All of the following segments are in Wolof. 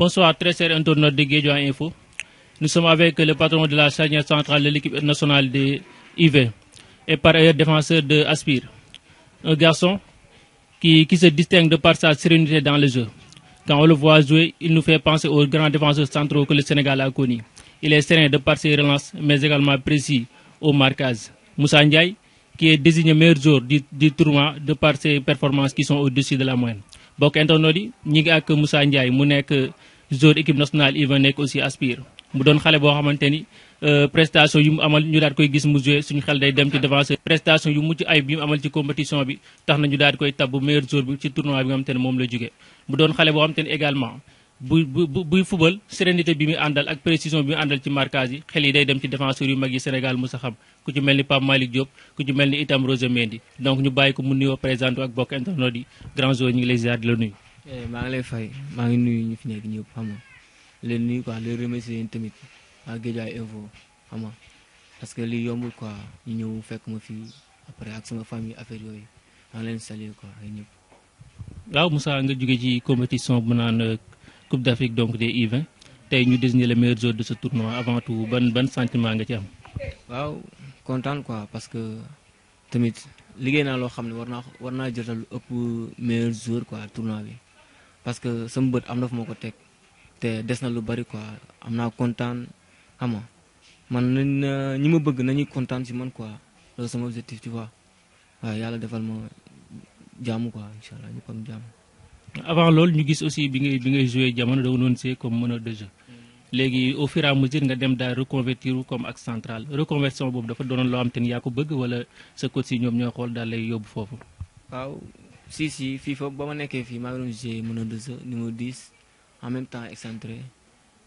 Bonsoir, très chers internautes de Guéjoin Info. Nous sommes avec le patron de la charnière centrale de l'équipe nationale de IV et par ailleurs défenseur de Aspire. Un garçon qui, qui, se distingue de par sa sérénité dans le jeu. Quand on le voit jouer, il nous fait penser aux grands défenseurs centraux que le Sénégal a connus. Il est serein de par ses relances, mais également précis au marquage. Moussa Ndiaye, qui est désigné meilleur joueur du, tournoi de par ses performances qui sont au-dessus de la moyenne. Donc, que nous avons Moussa Ndiaye, joueur équipe nationale U20 nekk aussi Aspire mu doon xale boo xamante ni euh, prestation yu mu amal ñu daal koy gis mu suñu xel day dem ci défenseur prestation yu mucc ayib yi mu amal ci bi tax na ñu daal koy tabb meilleur moom la jóge mu doon boo xamante ni également bu bu buy bi muy àndal ak précision bi muy ci marquage yi xel yi day dem ci défenseur yu mag yi Sénégal mu xam ku ci mel ni Pape Malick Diop ku ci mel ni itam Roger Mendy donc ñu bàyyi ko mu nuyoo présenté ak bokk internautes yi ngi lay ziar di Je eh, lay que famille affaire compétition euh, Coupe d'Afrique donc des U20 le meilleur joueur de ce tournoi avant tout bon bon sentiment quoi parce que tamit meilleur joueur quoi tournoi parce que sama bët am na fu ma ko teg te des na lu bari quoi am na kontaan xam nga man ñi ma bëgg na nañuy kontaan si man quoi sama objectif tu vois yàlla defal ma jàmm quoi incha allah ñu loolu ñu gis aussi bi nga bi ngay joué jamono da doon see comme meneur de jeu léegi au fur et nga dem daal reconvertir comme ak central reconversion boobu dafa doonoon loo am te ni yaa ko bëgg wala sa coach yi ñoom ñoo xool daal lay yóbbu foofu. si si FIFA bon ma nekkee fii maa ngi doon numéro 10 en même temps excentré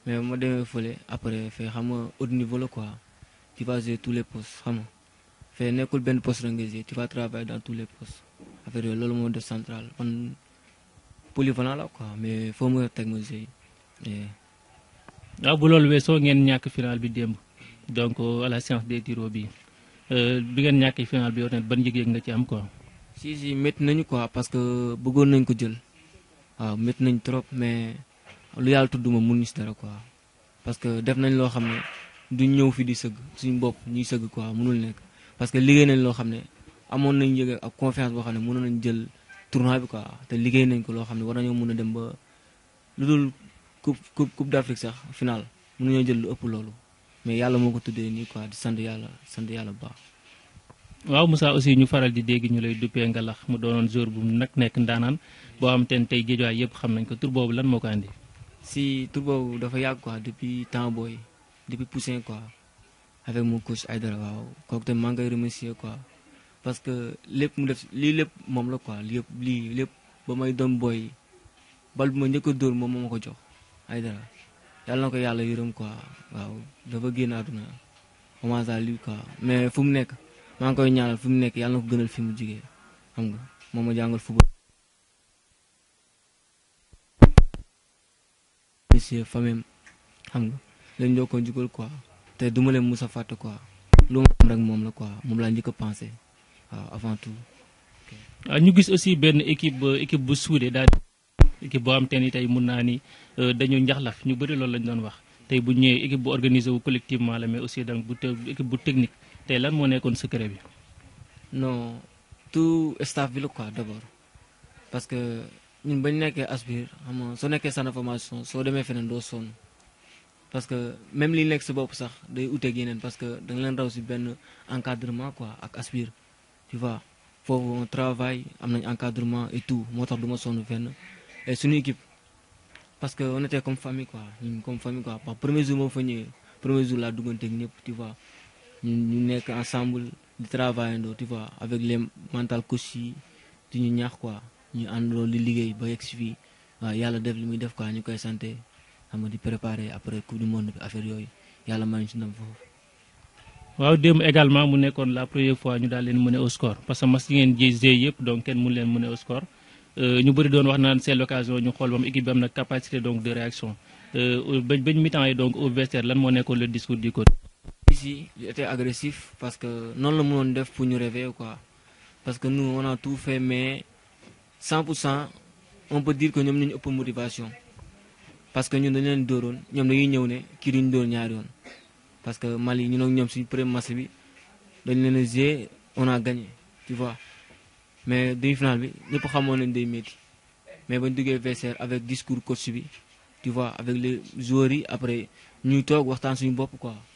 mais ma demee fële après faire xam nga haut niveau là quoi tu vas jouer tous les postes vraiment faire n'importe quel poste la tu vas travailler dans tous les postes affaire yooyu loolu moo central on polyvalent là quoi mais faut me teg ma jouer waaw ah, son loolu n'y a que final bi démb donc à la séance des tirs au but euh, bi ngeen ñàkk final bi yow tamit ban yëg nga ci am quoi. si si métti nañu quoi parce que bëggoon nañ ko jël waaw métti nañ trop mais lu yàlla tuddu ma mënuñ si dara quoi parce que def nañ loo xam ne duñ ñëw fi di sëgg suñu bopp ñuy sëgg quoi mënul nekk parce que liggéey nañ loo xam ne amoon nañ yëg ak confiance boo xam ne mënoon nañ jël tournoi quoi te liggéey nañ ko loo xam ne war nañoo mën a dem ba lu dul coupe coupe coupe d'Afrique sax final mënuñoo jël lu ëpp loolu mais yàlla moo ko tuddee nii quoi di sant yàlla sant bu baax. waaw Moussa aussi ñu faral di dégg ñu lay duppee ngalax mu doonoon jour bu nag nekk ndaanaan boo am te tey géejuwaay yëpp xam nañ ko tur boobu lan moo ko andi. si tur boobu dafa yàgg quoi depuis temps booy depuis poussin quoi avec mon coach Aïdara waaw kooku tamit maa ngi koy remercier quoi parce que lépp lii lépp moom la quoi lii lii lépp ba may doon booy bal ma njëkk a dóor moom ko jox Aïdara yàlla na ko yàlla yërëm quoi waaw dafa génn àdduna commencé à lui mais fu nekk. maa ngi koy ñaanal fi mu nekk yàlla na ko gënal fi mu jugee xam nga moom ma jàngal football. monsieur Famem xam nga lañ ñoo ko te du leen mus fàtte quoi lu ma am rek moom la quoi moom laa njëkk a pensé waaw avant tout. Ah, ñu gis aussi benn équipe euh, équipe bu suudee daal équipe boo am te ni tey mun naa ni euh, dañu njaxlaf ñu bëri loolu lañ doon wax tey bu ñëwee équipe bu organisé wu collectivement la mais aussi donc bu équipe bu technique. tey lan moo nekkoon secret bi. non tout staff bi la quoi d' abord parce que ñun bañ nekkee Asbir xam nga soo nekkee information, formation soo demee feneen doo sonn parce que même li nekk si bopp sax day uteeg yeneen parce que da nga leen raw si benn encadrement quoi ak Asbir tu vois foofu on travail, am nañ encadrement et tout moo tax du ma sonn fenn et suñu équipe parce que on était comme famille quoi ñun comme famille quoi par premier jour moo fa ñëwee premier jour laa dugganteeg ñëpp tu vois ñu ñu nekk ensemble di travaillandoo tu vois avec les mental coach yi di ñu ñaax quoi ñu àndandoo li liggéey ba yegg si fii waaw yàlla def li muy def quoi ñu koy santé xam nga di préparer après coupe du monde bi affaire yooyu yàlla may ñu si ndam foofu. waaw démb également mu nekkoon la première fois ñu daal leen mëne au score parce que mas ngeen gisee yépp donc kenn mënu leen mëne au score euh, ñu bëri doon wax naan c'est l'occasion ñu xool ba mu équipe bi am na capacité donc de réaction euh, bañ bañ mi-temps yi donc au vestiaire lan moo nekkoon le discours di coach ici, j'étais agressif parce que non le monde def pour nous réveiller quoi. Parce que nous, on a tout fait, mais 100%, on peut dire que nous avons une motivation. Parce que nous avons une doron, nous avons un qui nous donne Parce que Mali, nous avons une première masse, nous avons on a gagné, tu vois. Mais demi-finale, nous avons des métiers. Mais quand nous avons avec le discours coach, tu vois, avec les joueurs, après, nous avons un peu de quoi.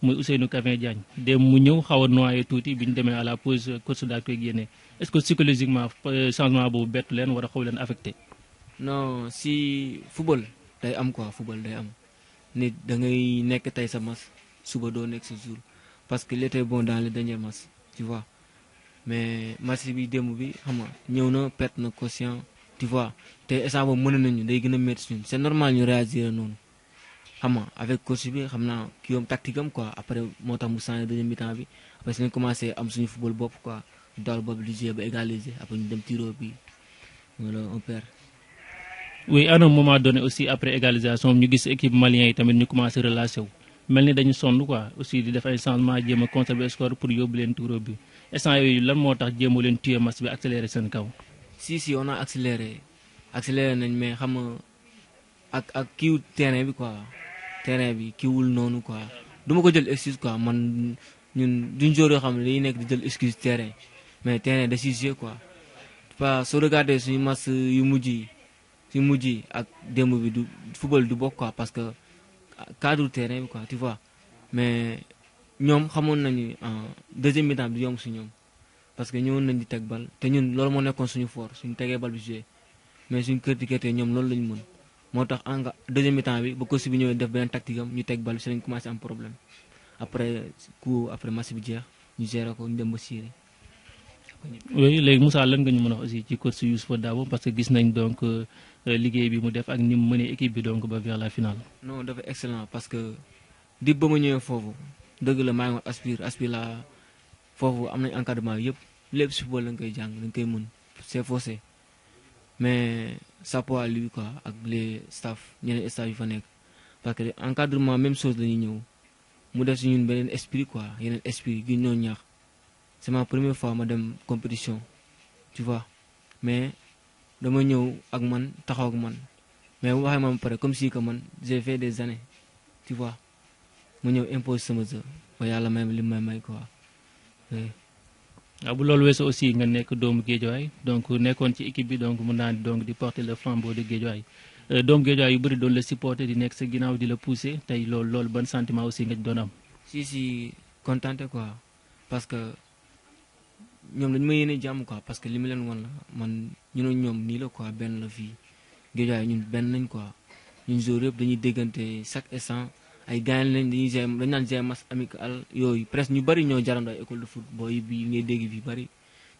muy Ousseynou Cavin Diagne dem mu ñëw xaw a noyé tuuti bi ñu demee à la pause course daal koy génnee est-ce que psychologiquement euh, changement boobu bettu leen war a xaw leen affecté. non si football day am quoi football day am nit da ngay nekk tey sa match suba doo nekk si jour parce que il était bon dans les derniers matchs vois mais match bi démb bi xam nga ñëw na perte na conscient tu vois te instant boobu na nañu day gën a métti suñu c'est normal ñu réagir noonu. xam avec coach bi xam naa kii am tactique am quoi après moo tax mu changé deuxième mi-temps bi après si lañ commencé am suñu football bopp quoi daal bopp di jouer ba égaliser après ñu dem tiro bi wala on perd. oui à un moment donné aussi après égalisation ñu gis équipe malien yi tamit ñu commencé relâché wu mel ni dañu sonn quoi aussi di def ay changement jéem a conserver score pour yóbbu leen tiro bi instant yooyu lan moo tax jéem a leen tuer match bi accélérer seen kaw. si si on a accéléré accéléré nañ mais xam nga ak ak kiiw terrain bi quoi. terrain bi kiiwul noonu quoi du ma ko jël excuse quoi man ñun duñ joueur yoo xam ne dañuy nekk di jël excuse terrain mais terrain da ciy jouer quoi. pas soo regardé suñu match yu mujj yi suñu mujj ak démb bi du football du bokk quoi parce que cadre terrain bi quoi tu vois mais ñoom xamoon nañu deuxième mi-temps du yomb si ñoom parce que ñëwoon nañ di teg bal te ñun loolu moo nekkoon suñu fort suñu tegee bal bi jouer mais suñu critiqué ñoom loolu lañu mën. moo tax en deuxième temps bi ba coach bi ñëwee def beneen tactique am ñu teg bal si lañ commencé am problème après coup après match bi jeex ñu gérer ko ñu dem ba Syrie. oui léegi Moussa lan nga ñu mën a wax aussi ci parce que gis nañ donc euh, liggéey bi mu def ak ni mu mënee équipe bi donc ba vers la finale. non dafa excellent parce que di ba ma ñëwee foofu dëgg la maa ngi woon aspire aspire foofu am nañ encadrement yëpp lépp si football lañ koy jàng dañ koy mën c'est faussé. mais ça à lui quoi avec les staff ñeneen staff yu fa nekk parce que encadrement même chose la ñuy ñëw mu def si ñun beneen esprit quoi yeneen esprit gi ñoo ñaax c'est ma première fois ma dem compétition tu vois mais dama ñëw ak man taxaw ak man mais bu waxee man pare comme si que man j'ai fait des années tu vois mu ñëw impose sama jeu même yàlla may li may may quoi waaw bu loolu weesoo aussi nga nekk doomu géejawaay donc nekkoon ci équipe bi donc mën naa donc di porter le flambeau de géejawaay euh, doomu géejawaay yu bëri doon la supporter di nekk sa ginnaaw di la pousser tey loolu loolu ban sentiment aussi nga doon am. si si contenté quoi parce que ñoom dañu ma yéene jàmm quoi parce que li mu leen wan la man ñu ne ñoom nii la quoi benn la fii géejawaay ñu benn nañ quoi ñu jour yëpp dañuy déggante chaque instant. ay gaañ lañ dañuy jéem dañ amical yooyu presque ñu bëri ñoo jarandoo ay école de foot booy bi ngay dégg fii bëri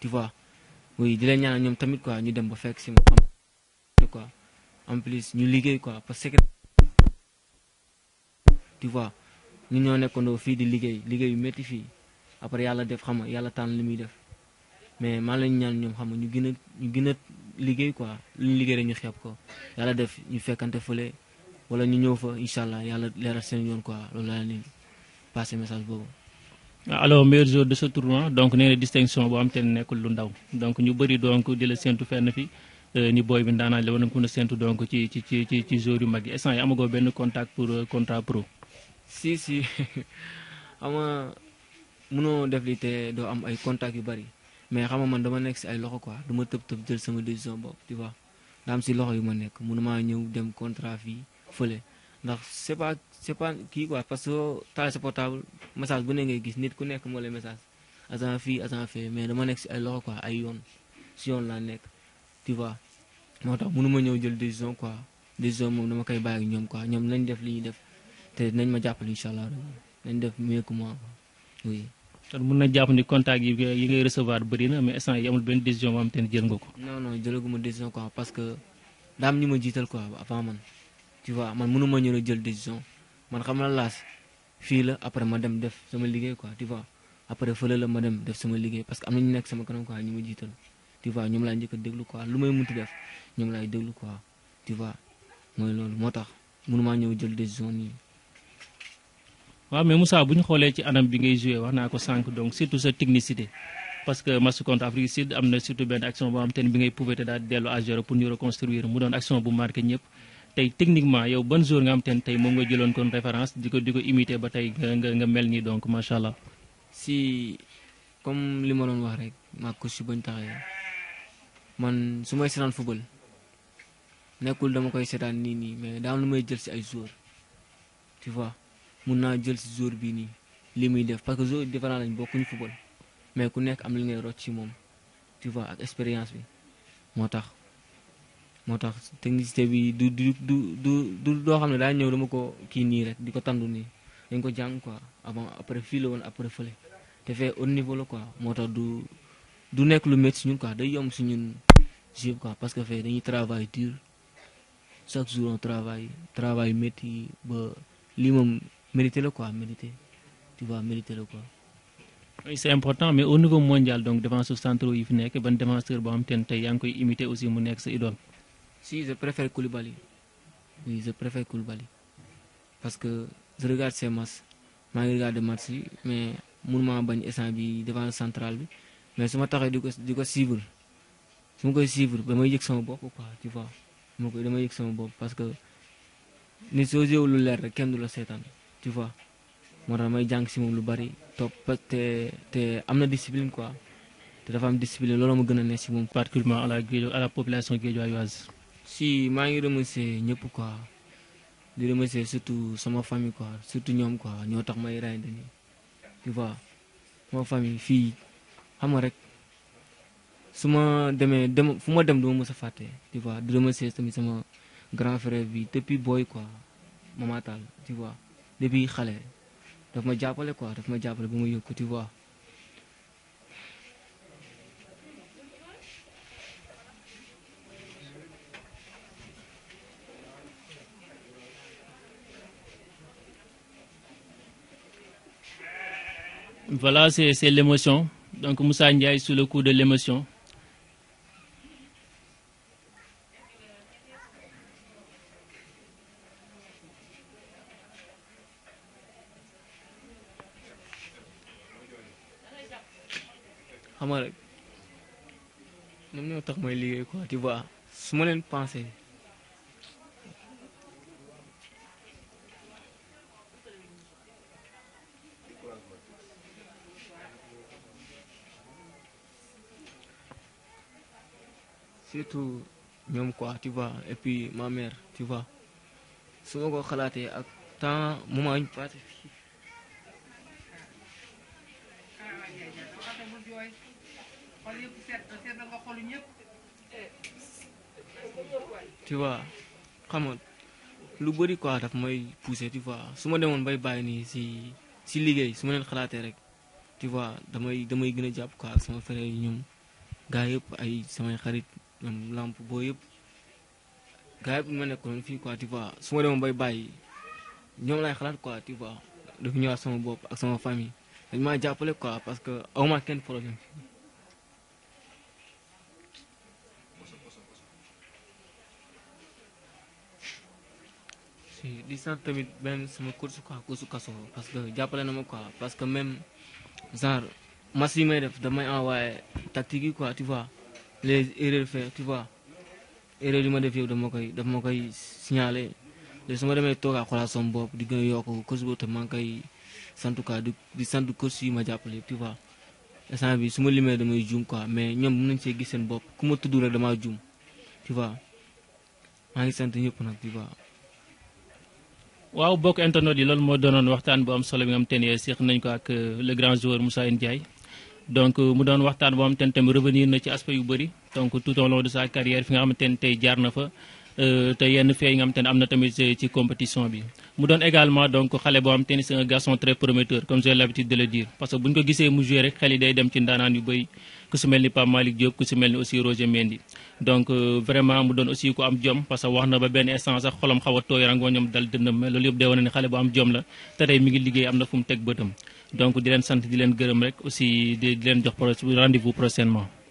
tu vois ñoom tamit quoi ñu dem ba fekk si mu quoi en plus ñu liggéey quoi parce que tu ñoo nekkandoo fii di liggéey liggéey yu métti fii après yàlla def xam nga yàlla tànn li muy def mais maa lañ ñaan ñoom xam ñu gën ñu gën a liggéey quoi liggéey rek ñu xeeb ko yàlla def ñu fekkante fële wala ñu ñëw fa inshallah allah yàlla leeral seen yoon quoi loolu laa leen di passé message boobu. alors meilleur joueur de ce tournoi donc nee na distinction boo am te nekkul lu ndaw donc ñu bëri donc di la séntu fenn fi euh, ni boy bi ndaanaa la war nañ ko mën a séntu donc ci ci ci ci ci joueur yu mag yi instant yi amagoo benn contact pour euh, contrat pro. si si xam nga mënoo def li te doo am ay contact yu bari mais xam nga man dama nekk si ay loxo quoi du ma tëb tëb jël sama décision bopp tu vois daa am si loxo yu ma nekk mënumaa ñëw dem contrat fii. fële ndax c'est pas c'est pas kii quoi parce que soo taal sa portable message bu ne ngay gis nit ku nekk moo lay message agent fii agent fee mais dama nekk si ay loxo quoi yoon si yoon laa nekk vois moo tax mënu ma ñëw jël décision quoi décision moom dama koy bàyyi ñoom quoi ñoom nañ def li ñuy def te nañ ma jàppale incha allah def mieux que moi quoi oui. na jàpp ni contact yi yi ngay recevoir bëri na mais instant yi amul benn décision boo xam te ne jël ko. non non jëlaguma décision daam ñu ma jiital quoi avant man. tu vois man mënuma ñëw jël décision man xam na laas fii la après ma dem def sama liggéey quoi tu vois la ma dem def sama liggéey parce que am na ñu nekk sama kanam quoi ñu ma jiital tu vois ñoom laay njëkk a déglu quoi lu laay déglu quoi tu mooy loolu moo tax mënumaa ñëw jël décision nii. waaw mais Moussa bu ñu xoolee ci anam bi ngay joué wax naa ko sànq donc surtout sa technicité parce que match contre Afrique Sud am na surtout benn action boo xam te bi ngay prouvé daal dellu à pour ñu reconstruire tey techniquement yow ban jour nga am teen tey moom nga jëloon kon référence di ko di ko imiter ba tey nga nga mel nii donc macha allah. si comme li ma doon wax rek maa ko si bañ taxee man su may seetaan football nekkul dama koy seetaan nii nii mais daa am lu may jël si ay jour ti vois mun naa jël si jour bii nii li muy def parce que jour différent lañ bokkuñu football mais ku nekk am li ngay rocc si moom tu fois ak expérience bi moo tax. moo tax technicité bi du du du du doo xam ne daa ñëw dama ko kii nii rek di ko tàndu nii dañ ko jàng quoi avant après fii la woon après fële te fee au niveau la quoi moo tax du du nekk lu métti si ñun quoi day yomb si ñun jib quoi parce que fee dañuy travail dur chaque jour on travail travail métti ba lii moom mérité la quoi mérité tu vois mérité la quoi. oui c' est important mais au niveau mondial donc défenseur centraux yi fi nekk ban défenseur boo xam te ne tey yaa ngi koy imité aussi mu nekk sa idole. Si, je préfère Koulibaly. Oui, je préfère Koulibaly. Parce que je regarde ses matchs. Je regarde les matchs, mais je ne suis devant la central. Mais si je suis suivre, su du koy suivre sama quoi tu vois Je suis parce que tu vois je suis un Je si lu bari te suis discipline quoi Je dafa discipline Je suis particulièrement à la à population guédiawayoise si maa ngi remercier ñëpp quoi di remercier surtout sama famille quoi surtout ñoom quoi ñoo tax may reyante nii tu vois sama famille fii xam nga rek su ma demee dem fu ma dem duma mës a fàtte tu vois di remercier tamit sama grand frère bi depuis booy quoi Mama Tall tu vois depuis xale daf ma jàppale quoi daf ma jàppale ba ma yóbbu vois. Voilà, c'est l'émotion. Donc Moussa Ndiaye sous le coup de l'émotion. xam je rek ñoom pas tax may liggéey quoi tu vois su ma pense surtout nyom quoi tu vois et puis ma mère tu vois su ko xalaatee ak temps moment ñu passé fii tu vois xam lu bari quoi daf may pousser tu vois bay si si liggéey su ma khalate rek tu vois damay damay jap kwa jàpp quoi sama frère yi ñoom gaa yëpp ay samay xarit ñoom lamp bo yëpp gaay yëpp ma nekkoon fii quoi tu vois su ma demoon bay bàyyi ñoom laay xalaat quoi tu vois dafa ñëwaat sama bopp ak sama famille dañ maa jàppale quoi parce que aw ma kenn problème di sant tamit benn sama course quoi course kaso parce que jàppale na ma quoi parce que même genre mas may def damay envoyé tactique yi quoi tu vois les erreurs fait tu vois erreur yi ma def yëpp daf ma koy daf ma koy signaler léegi su ma demee toogaa xoolaat sama bopp di gën a yokk coach boobu te maa koy sant quoi di di sant ma jàppale tu vois instant bi su ma limee damay juum quoi mais ñoom mën nañ see gis seen bopp ku ma tudd rek damaa juum tu vois maa ngi sant ñëpp nag tu vois. waaw bokk internet yi loolu moo doonoon waxtaan bu am solo bi nga xam te ne seex nañ ko ak euh, le grand joueur Moussa Ndiaye. donc euh, mu doon waxtaan boo xamante ne tamit revenir na ci aspect yu bëri donc tout au long de sa carrière fi nga xamante ne tey jaar na fa euh, te yenn fee yi nga xamante ne am na tamit euh, ci compétition bi mu doon également donc xale boo xam te ni c'est un garçon très prometteur comme j'ai l'habitude de le dire parce que bu ñu ko gisee mu joué rek xel yi day dem ci ndaanaan yu bëri ku si mel ni pas Malick Diop ku si mel ni aussi Roger Mendy donc euh, vraiment mu doon aussi ku am jom parce que wax na ba benn instant sax xolam xaw a tooy rangooñam dal dëndam mais loolu yëpp day wane ne xale bu am jom la te tey mi ngi liggéey am na fu mu teg bëtam donc di leen sant di leen gërëm rek aussi di leen jox rendez-vous prochainement